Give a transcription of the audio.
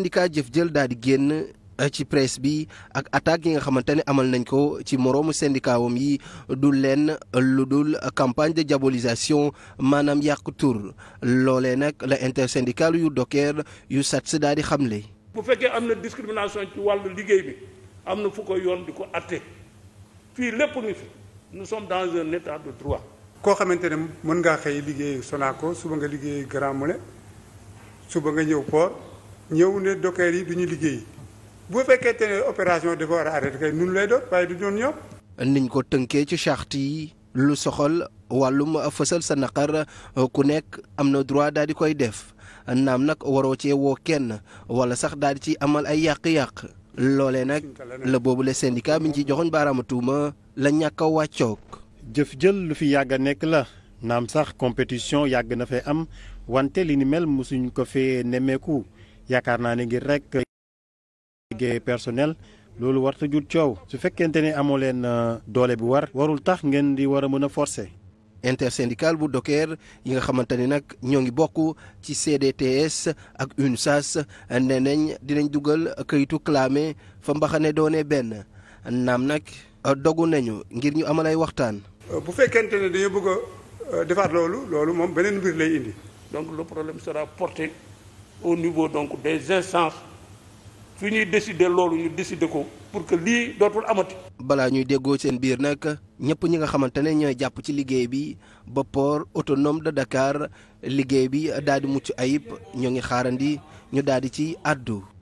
syndicat jëf jël daal di génn eh, ci presse bi ak attaque yi nga xamante ne amal nañ ko ci moroomu syndicat wam yi du leen lu dul campagne de diabolisation maanaam yàq tur loolee nag la intersyndical yu docker yu SATS daal di xamle. bu fekkee am na discrimination ci wàllu liggéey bi am na fu ko yoon di ko atte fii lépp ngi fi nous sommes dans un koo xamante ne mën ngaa xëy liggéey Sonaco suba nga liggéeyu Grand Moulin suba nga ñëw port. ñëw ne docker yi du ñu liggéey bu fekkee ne opération dafa war a du doon ñoom. niñ ko tënkee ci charte yi lu soxal wàllum fësal sa naqar ku nekk am na droit daal di koy def naam nag waroo cee woo kenn wala sax daal di ci amal ay yàq-yàq loolee nag la boobule syndicat mi ngi ciy joxoñ baaraama tuuma la ñàkk a jëf jël lu fi yàgg a nekk la naam sax compétition yàgg na fee am wante li ni mel mosuñ ko fee nemmeeku. yaakaar naa ne ngir rek euh, liggéey personnel loolu warta jur coow su fekkente ne amoo leen euh, doole bu war warul tax ngeen di war a mën a forcer intersyndical bu docker yi nga xamante ni nag ñoo ngi bokk ci CDTS ak UNSAS ne nañ dinañ dugal kayitu clamé fa mbaxane doone benn naam nag euh, dogu nañu ngir ñu amal ay waxtaan bu fekkente ne dañu bëgg defaat loolu loolu moom beneen mbir lay indi donc le problème sera porté au niveau donc des instances fi ñuy décider loolu ñu décider ko pour que lii dootul amati. balaa ñuy déggoo seen biir nag ñëpp ñi nga xamante ne ñooy jàpp ci liggéey bi ba port autonome de Dakar liggéey bi daal di mucc ayib ñoo ngi xaarandi ñu daal di ci àddu.